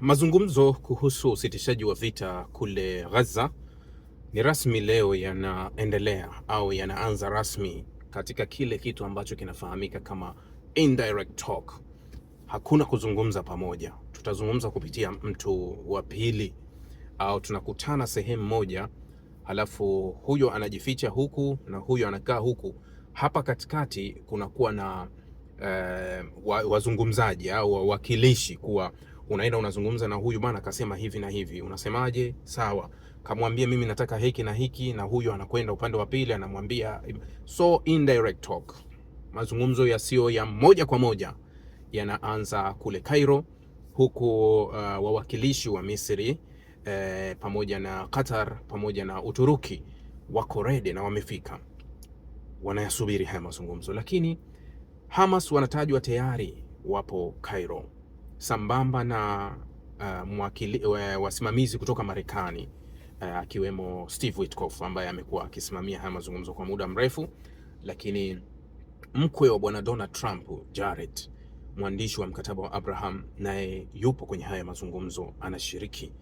mazungumzo kuhusu usitishaji wa vita kule Gaza ni rasmi leo yanaendelea au yanaanza rasmi katika kile kitu ambacho kinafahamika kama indirect talk. Hakuna kuzungumza pamoja, tutazungumza kupitia mtu wa pili au tunakutana sehemu moja, halafu huyo anajificha huku na huyo anakaa huku. Hapa katikati kunakuwa na eh, wazungumzaji au wawakilishi kuwa unaenda unazungumza na huyu bana, akasema hivi na hivi, unasemaje? Sawa, kamwambie mimi nataka hiki na hiki, na huyu anakwenda upande wa pili anamwambia. So indirect talk, mazungumzo yasiyo ya moja kwa moja yanaanza kule Cairo, huku uh, wawakilishi wa Misri eh, pamoja na Qatar pamoja na Uturuki wako rede na wamefika, wanayasubiri haya mazungumzo, lakini Hamas wanatajwa tayari wapo Cairo sambamba na uh, mwakili, wasimamizi kutoka Marekani eh, akiwemo Steve Witkoff ambaye amekuwa akisimamia haya mazungumzo kwa muda mrefu, lakini mkwe wa bwana Donald Trump Jared, mwandishi wa mkataba wa Abraham, naye yupo kwenye haya mazungumzo, anashiriki.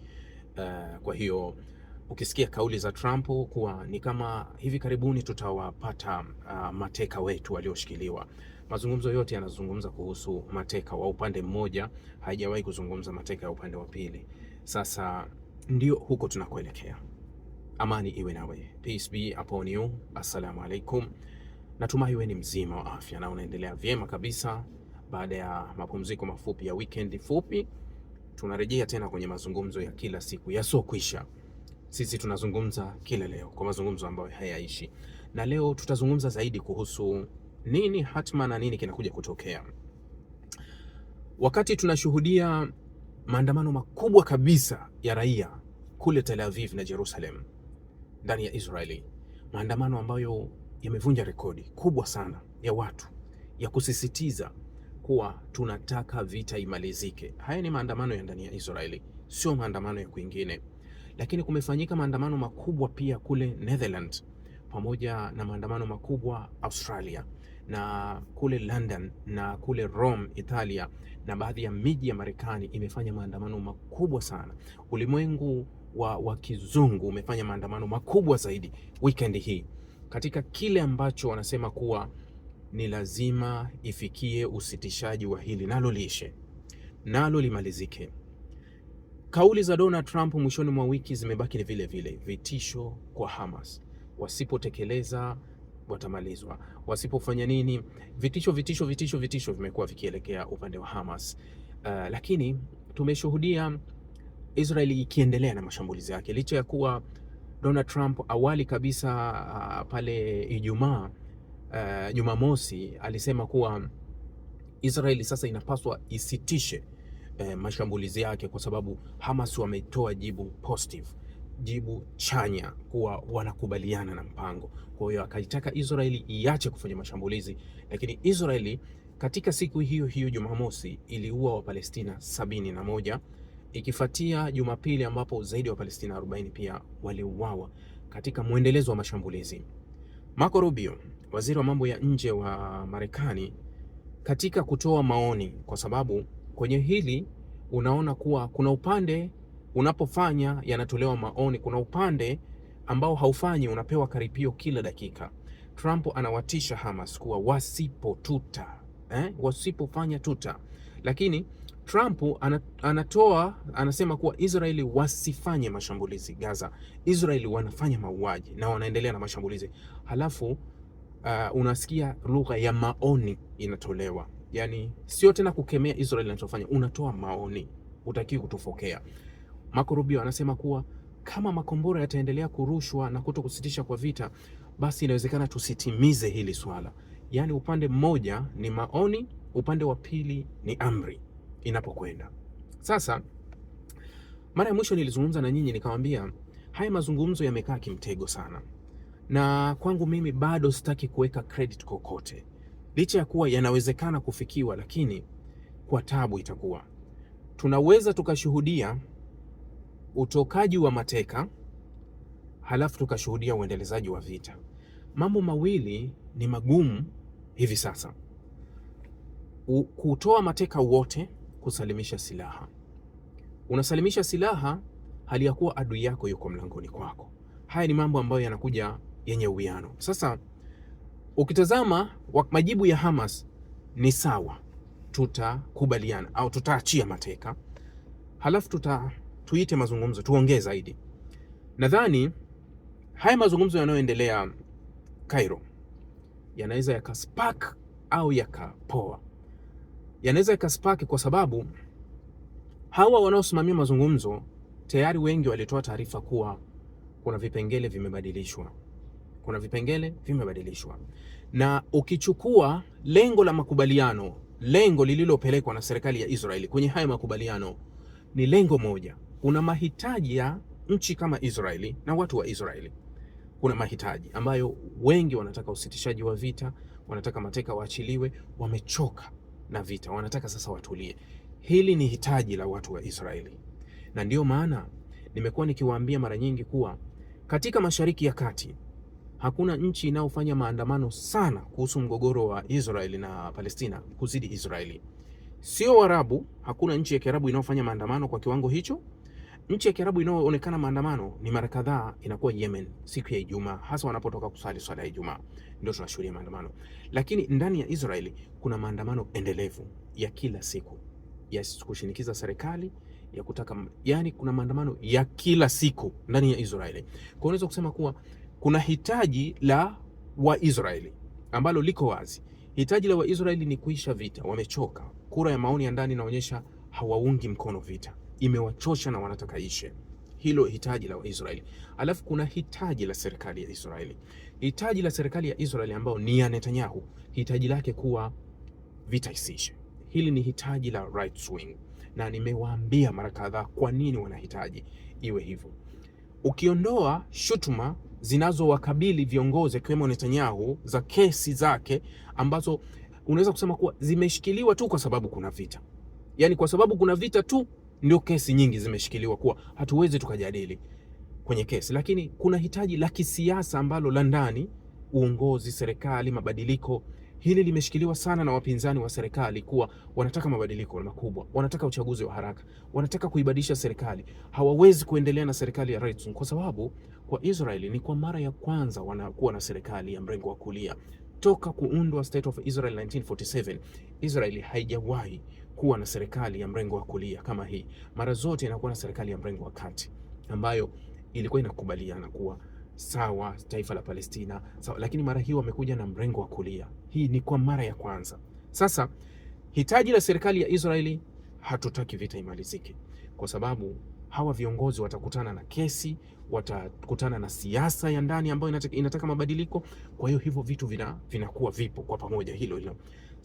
Uh, kwa hiyo ukisikia kauli za Trump kuwa ni kama hivi karibuni tutawapata uh, mateka wetu walioshikiliwa Mazungumzo yote yanazungumza kuhusu mateka wa upande mmoja, haijawahi kuzungumza mateka ya upande wa pili. Sasa ndio huko tunakoelekea. Amani iwe nawe, peace be upon you. Assalamu alaikum, natumai wewe ni mzima wa afya na unaendelea vyema kabisa. Baada ya mapumziko mafupi ya weekend fupi, tunarejea tena kwenye mazungumzo ya kila siku yasiokwisha. Sisi tunazungumza kila leo kwa mazungumzo ambayo hayaishi, na leo tutazungumza zaidi kuhusu nini hatma na nini kinakuja kutokea. Wakati tunashuhudia maandamano makubwa kabisa ya raia kule Tel Aviv na Jerusalem ndani ya Israeli, maandamano ambayo yamevunja rekodi kubwa sana ya watu ya kusisitiza kuwa tunataka vita imalizike. Haya ni maandamano ya ndani ya Israeli, sio maandamano ya kwingine. Lakini kumefanyika maandamano makubwa pia kule Netherlands pamoja na maandamano makubwa Australia na kule London na kule Rome Italia, na baadhi ya miji ya Marekani imefanya maandamano makubwa sana. Ulimwengu wa, wa kizungu umefanya maandamano makubwa zaidi weekend hii katika kile ambacho wanasema kuwa ni lazima ifikie usitishaji wa hili nalo liishe nalo limalizike. Kauli za Donald Trump mwishoni mwa wiki zimebaki ni vile vile, vitisho kwa Hamas wasipotekeleza watamalizwa. Wasipofanya nini? Vitisho, vitisho, vitisho, vitisho vimekuwa vikielekea upande wa Hamas. Uh, lakini tumeshuhudia Israeli ikiendelea na mashambulizi yake licha ya kuwa Donald Trump awali kabisa uh, pale Ijumaa uh, Jumamosi alisema kuwa Israeli sasa inapaswa isitishe uh, mashambulizi yake kwa sababu Hamas wametoa jibu positive jibu chanya kuwa wanakubaliana na mpango. Kwa hiyo akaitaka Israeli iache kufanya mashambulizi, lakini Israeli katika siku hiyo hiyo Jumamosi iliua Wapalestina sabini na moja ikifuatia Jumapili ambapo zaidi ya Wapalestina 40 pia waliuawa katika mwendelezo wa mashambulizi. Marco Rubio, waziri wa mambo ya nje wa Marekani, katika kutoa maoni, kwa sababu kwenye hili unaona kuwa kuna upande Unapofanya yanatolewa maoni. Kuna upande ambao haufanyi, unapewa karipio kila dakika. Trump anawatisha Hamas kuwa wasipotuta, eh, wasipofanya tuta, lakini Trump anatoa anasema kuwa Israeli wasifanye mashambulizi Gaza. Israeli wanafanya mauaji na wanaendelea na mashambulizi, halafu uh, unasikia lugha ya maoni inatolewa, yani sio tena kukemea Israeli inachofanya, unatoa maoni, utakiwi kutofokea. Marco Rubio anasema kuwa kama makombora yataendelea kurushwa na kuto kusitisha kwa vita, basi inawezekana tusitimize hili swala. Yaani upande mmoja ni maoni, upande wa pili ni amri inapokwenda. Sasa mara ya mwisho nilizungumza na nyinyi nikamwambia haya mazungumzo yamekaa kimtego sana, na kwangu mimi bado sitaki kuweka credit kokote, licha ya kuwa yanawezekana kufikiwa, lakini kwa tabu itakuwa tunaweza tukashuhudia utokaji wa mateka, halafu tukashuhudia uendelezaji wa vita. Mambo mawili ni magumu hivi sasa, kutoa mateka wote, kusalimisha silaha. Unasalimisha silaha hali ya kuwa adui yako yuko mlangoni kwako. Haya ni mambo ambayo yanakuja yenye uwiano. Sasa ukitazama majibu ya Hamas ni sawa, tutakubaliana au tutaachia mateka halafu tuta tuite mazungumzo, tuongee zaidi. Nadhani haya mazungumzo yanayoendelea Cairo yanaweza yakaspark au yakapoa, yanaweza yakaspark kwa sababu hawa wanaosimamia mazungumzo tayari wengi walitoa taarifa kuwa kuna vipengele vimebadilishwa, kuna vipengele vimebadilishwa. Na ukichukua lengo la makubaliano, lengo lililopelekwa na serikali ya Israeli kwenye haya makubaliano ni lengo moja kuna mahitaji ya nchi kama Israeli na watu wa Israeli. Kuna mahitaji ambayo wengi wanataka usitishaji wa vita, wanataka mateka waachiliwe, wamechoka na vita, wanataka sasa watulie. Hili ni hitaji la watu wa Israeli, na ndiyo maana nimekuwa nikiwaambia mara nyingi kuwa katika Mashariki ya Kati hakuna nchi inayofanya maandamano sana kuhusu mgogoro wa Israeli na Palestina kuzidi Israeli. Sio Waarabu, hakuna nchi ya Kiarabu inayofanya maandamano kwa kiwango hicho. Nchi ya Kiarabu inayoonekana maandamano ni mara kadhaa inakuwa Yemen siku ya Ijumaa, hasa wanapotoka kusali swala ya Ijumaa ndio tunashuhudia maandamano. Lakini ndani ya Israeli kuna maandamano endelevu ya kila siku ya kushinikiza serikali ya kutaka, yani kuna maandamano ya kila siku ndani ya Israeli. Kwa unaweza kusema kuwa kuna hitaji la Waisraeli ambalo liko wazi. Hitaji la Waisraeli ni kuisha vita, wamechoka. Kura ya maoni ya ndani inaonyesha hawaungi mkono vita imewachosha na wanataka ishe. Hilo hitaji la Waisraeli. Alafu kuna hitaji la serikali ya Israeli, hitaji la serikali ya Israeli ambao ni ya Netanyahu, hitaji lake kuwa vita isiishe. Hili ni hitaji la right wing, na nimewaambia mara kadhaa kwa nini wanahitaji iwe hivyo. Ukiondoa shutuma zinazowakabili viongozi akiwemo Netanyahu za kesi zake ambazo unaweza kusema kuwa zimeshikiliwa tu kwa sababu kuna vita, yaani kwa sababu kuna vita tu ndio kesi nyingi zimeshikiliwa kuwa hatuwezi tukajadili kwenye kesi, lakini kuna hitaji la kisiasa ambalo la ndani, uongozi, serikali, mabadiliko. Hili limeshikiliwa sana na wapinzani wa serikali kuwa wanataka mabadiliko makubwa, wanataka uchaguzi wa haraka, wanataka kuibadilisha serikali. Hawawezi kuendelea na serikali ya Herzog kwa sababu kwa Israeli ni kwa mara ya kwanza wanakuwa na serikali ya mrengo wa kulia toka kuundwa State of Israel 1947 Israeli haijawahi kuwa na serikali ya mrengo wa kulia kama hii. Mara zote inakuwa na serikali ya mrengo wa kati ambayo ilikuwa inakubaliana kuwa sawa taifa la Palestina sawa, lakini mara hii wamekuja na mrengo wa kulia. Hii ni kwa mara ya kwanza. Sasa hitaji la serikali ya Israeli, hatutaki vita imalizike, kwa sababu hawa viongozi watakutana na kesi, watakutana na siasa ya ndani ambayo inataka, inataka mabadiliko. Kwa hiyo hivyo vitu vina, vinakuwa vipo kwa pamoja, hilo hilo.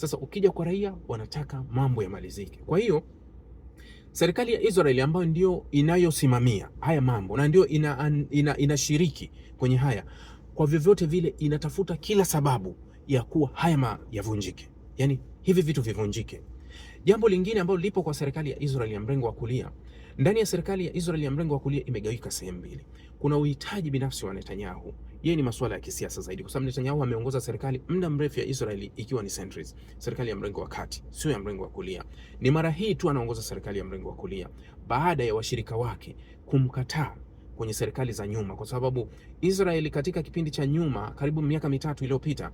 Sasa ukija kwa raia, wanataka mambo yamalizike. Kwa hiyo serikali ya Israeli ambayo ndio inayosimamia haya mambo na ndio inashiriki ina, ina kwenye haya, kwa vyovyote vile inatafuta kila sababu ya kuwa haya yavunjike, yaani hivi vitu vivunjike. Jambo lingine ambalo lipo kwa serikali ya Israeli ya mrengo wa kulia, ndani ya serikali ya Israeli ya mrengo wa kulia imegawika sehemu mbili. Kuna uhitaji binafsi wa Netanyahu yeye ni masuala ya kisiasa zaidi, kwa sababu Netanyahu ameongoza serikali muda mrefu ya Israeli ikiwa ni centrist, serikali ya mrengo wa kati, sio ya mrengo wa kulia. Ni mara hii tu anaongoza serikali ya mrengo wa kulia baada ya washirika wake kumkataa kwenye serikali za nyuma, kwa sababu Israeli katika kipindi cha nyuma, karibu miaka mitatu iliyopita,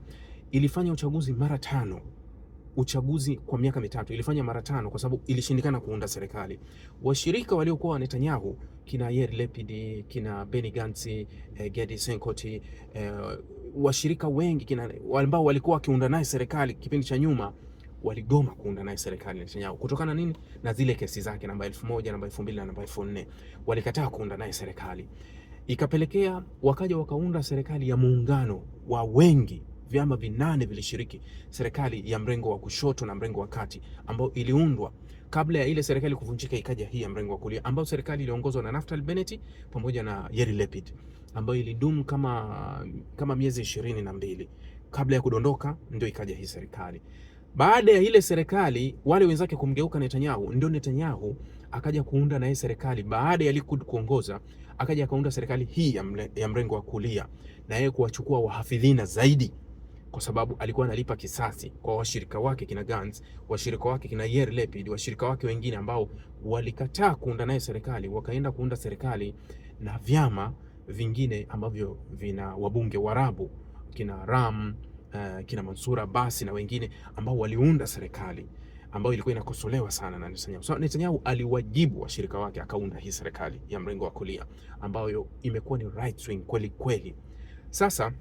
ilifanya uchaguzi mara tano uchaguzi kwa miaka mitatu, ilifanya mara tano kwa sababu ilishindikana kuunda serikali. Washirika waliokuwa wa Netanyahu kina Yair Lapid, kina Benny Gantz, eh, Gedi Senkoti, eh, washirika wengi kina ambao walikuwa wakiunda naye serikali kipindi cha nyuma waligoma kuunda naye serikali Netanyahu kutokana nini? Na zile kesi zake namba 1000, namba 2000 na namba 4000, walikataa kuunda naye serikali, ikapelekea wakaja wakaunda serikali ya muungano wa wengi vyama vinane vilishiriki serikali ya mrengo wa kushoto na mrengo wa kati ambayo iliundwa kabla ya ile serikali kuvunjika, ikaja hii ya mrengo wa kulia ambayo serikali iliongozwa na Naftali Bennett pamoja na Yeri Lepid ambayo ilidumu kama, kama miezi ishirini na mbili kabla ya kudondoka, ndio ikaja hii serikali. Baada ya ile serikali wale wenzake kumgeuka Netanyahu, ndio Netanyahu akaja kuunda na hii serikali baada ya Likud kuongoza, akaja akaunda serikali hii ya mrengo wa kulia na yeye kuwachukua wahafidhina zaidi kwa sababu alikuwa analipa kisasi kwa washirika wake kina Gantz, washirika wake kina Yair Lapid, washirika wake wengine ambao walikataa kuunda naye serikali, wakaenda kuunda serikali na vyama vingine ambavyo vina wabunge Waarabu kina Ram, uh, kina Mansur Abbas na wengine ambao waliunda serikali ambayo ilikuwa inakosolewa sana na Netanyahu. So, Netanyahu aliwajibu washirika wake akaunda hii serikali ya mrengo wa kulia ambayo imekuwa ni right wing kweli kweli. Sasa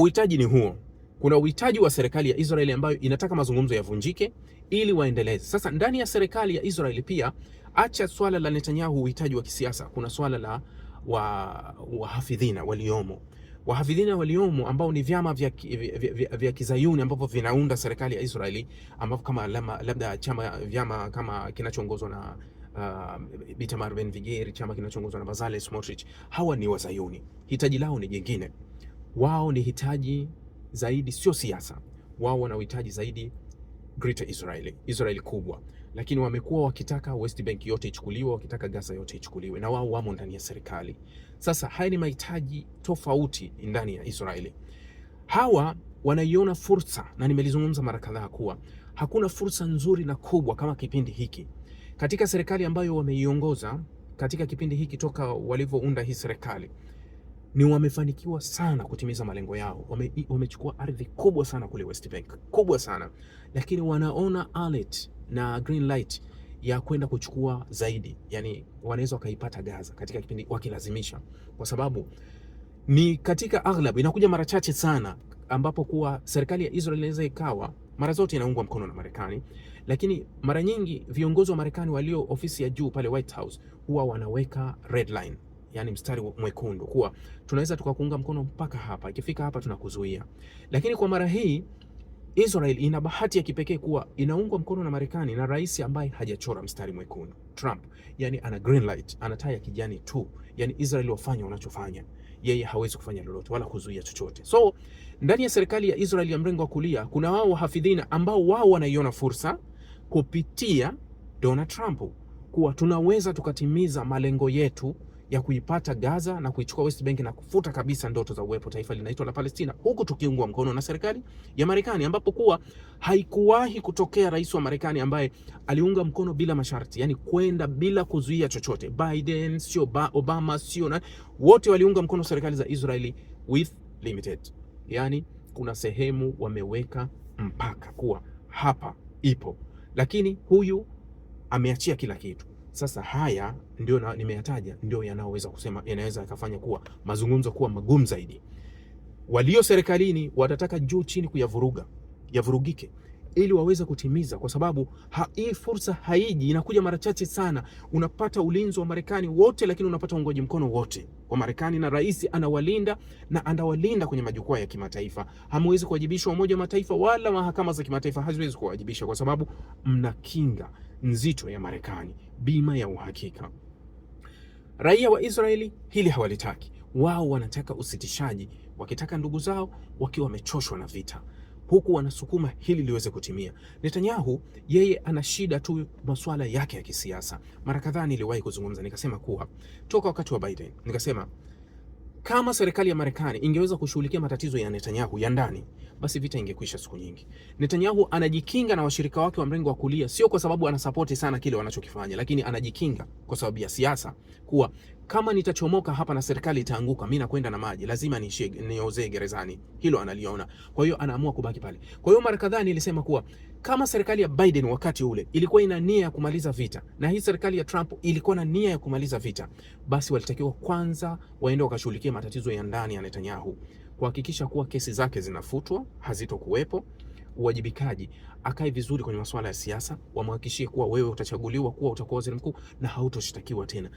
Uhitaji ni huo. Kuna uhitaji wa serikali ya Israeli ambayo inataka mazungumzo yavunjike ili waendeleze. Sasa ndani ya serikali ya Israeli pia, acha swala la Netanyahu, uhitaji wa kisiasa, kuna swala la wa wahafidhina waliomo wahafidhina waliomo ambao ni vyama vya, vya, vya, vya kizayuni ambavyo vinaunda serikali ya Israeli ambavyo kama lama, labda chama vyama kama kinachoongozwa na uh, Itamar Ben Gvir, chama kinachoongozwa na Bezalel Smotrich. Hawa ni wazayuni, hitaji lao ni jingine wao ni hitaji zaidi, sio siasa. Wao wanahitaji zaidi Greater Israel, Israel kubwa, lakini wamekuwa wakitaka West Bank yote ichukuliwe, wakitaka Gaza yote ichukuliwe, na wao wamo ndani ya serikali. Sasa haya ni mahitaji tofauti ndani ya Israeli. Hawa wanaiona fursa, na nimelizungumza mara kadhaa kuwa hakuna fursa nzuri na kubwa kama kipindi hiki katika serikali ambayo wameiongoza katika kipindi hiki toka walivyounda hii serikali ni wamefanikiwa sana kutimiza malengo yao, wame, wamechukua ardhi kubwa sana kule West Bank, kubwa sana lakini wanaona alert na green light ya kwenda kuchukua zaidi, yani wanaweza wakaipata Gaza katika kipindi wakilazimisha, kwa sababu ni katika aghlab, inakuja mara chache sana ambapo kuwa serikali ya Israel inaweza ikawa mara zote inaungwa mkono na Marekani, lakini mara nyingi viongozi wa Marekani walio ofisi ya juu pale White House huwa wanaweka red line yani mstari mwekundu, kuwa tunaweza tukakuunga mkono mpaka hapa, ikifika hapa tunakuzuia. Lakini kwa mara hii Israel ina bahati ya kipekee kuwa inaungwa mkono na Marekani na rais ambaye hajachora mstari mwekundu Trump, yani ana green light, ana taa ya kijani tu, yani Israel wafanya wanachofanya, yeye hawezi kufanya lolote wala kuzuia chochote. So ndani ya serikali ya Israel ya mrengo wa kulia kuna wao wahafidhina ambao wao wanaiona fursa kupitia Donald Trump kuwa tunaweza tukatimiza malengo yetu ya kuipata Gaza na kuichukua West Bank na kufuta kabisa ndoto za uwepo taifa linaitwa la Palestina, huku tukiungwa mkono na serikali ya Marekani, ambapo kuwa haikuwahi kutokea rais wa Marekani ambaye aliunga mkono bila masharti, yani kwenda bila kuzuia chochote. Biden sio Obama sio na wote waliunga mkono serikali za Israeli with limited, yani kuna sehemu wameweka mpaka kuwa hapa ipo, lakini huyu ameachia kila kitu. Sasa haya ndio nimeyataja, ndio yanayoweza kusema yanaweza yakafanya kuwa mazungumzo kuwa magumu zaidi. Walio serikalini watataka juu chini kuyavuruga yavurugike, ili waweze kutimiza, kwa sababu hii fursa haiji, inakuja mara chache sana. Unapata ulinzi wa Marekani wote, lakini unapata uungoji mkono wote wa Marekani, na rais anawalinda na anawalinda kwenye majukwaa ya kimataifa. Hamwezi kuwajibishwa Umoja wa Mataifa wala mahakama za kimataifa haziwezi kuwajibisha, kwa sababu mnakinga nzito ya Marekani, bima ya uhakika. Raia wa Israeli hili hawalitaki, wao wanataka usitishaji, wakitaka ndugu zao wakiwa wamechoshwa na vita huku wanasukuma hili liweze kutimia. Netanyahu yeye ana shida tu masuala yake ya kisiasa. Mara kadhaa niliwahi kuzungumza nikasema kuwa toka wakati wa Biden nikasema kama serikali ya Marekani ingeweza kushughulikia matatizo ya Netanyahu ya ndani, basi vita ingekwisha siku nyingi. Netanyahu anajikinga na washirika wake wa mrengo wa kulia, sio kwa sababu anasapoti sana kile wanachokifanya, lakini anajikinga kwa sababu ya siasa, kuwa kama nitachomoka hapa na serikali itaanguka, mimi nakwenda na maji, lazima niishie niozee gerezani. Hilo analiona, kwa hiyo anaamua kubaki pale. Kwa hiyo mara kadhaa nilisema kuwa kama serikali ya Biden wakati ule ilikuwa ina nia ya kumaliza vita na hii serikali ya Trump ilikuwa na nia ya kumaliza vita, basi walitakiwa kwanza waende wakashughulikia matatizo ya ndani ya Netanyahu, kuhakikisha kuwa kesi zake zinafutwa, hazitokuwepo uwajibikaji akae vizuri kwenye masuala ya siasa, wamhakikishie kuwa wewe utachaguliwa kuwa utakuwa waziri mkuu na hautoshtakiwa tena.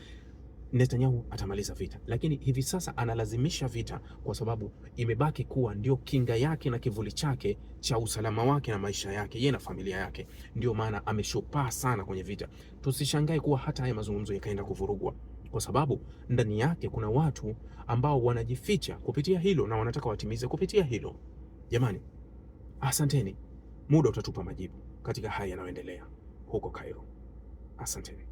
Netanyahu atamaliza vita, lakini hivi sasa analazimisha vita kwa sababu imebaki kuwa ndio kinga yake na kivuli chake cha usalama wake na maisha yake yeye na familia yake. Ndio maana ameshopaa sana kwenye vita. Tusishangae kuwa hata haya mazungumzo yakaenda kuvurugwa kwa sababu ndani yake kuna watu ambao wanajificha kupitia hilo na wanataka watimize kupitia hilo. Jamani, asanteni. Muda utatupa majibu katika haya yanayoendelea huko Cairo. Asanteni.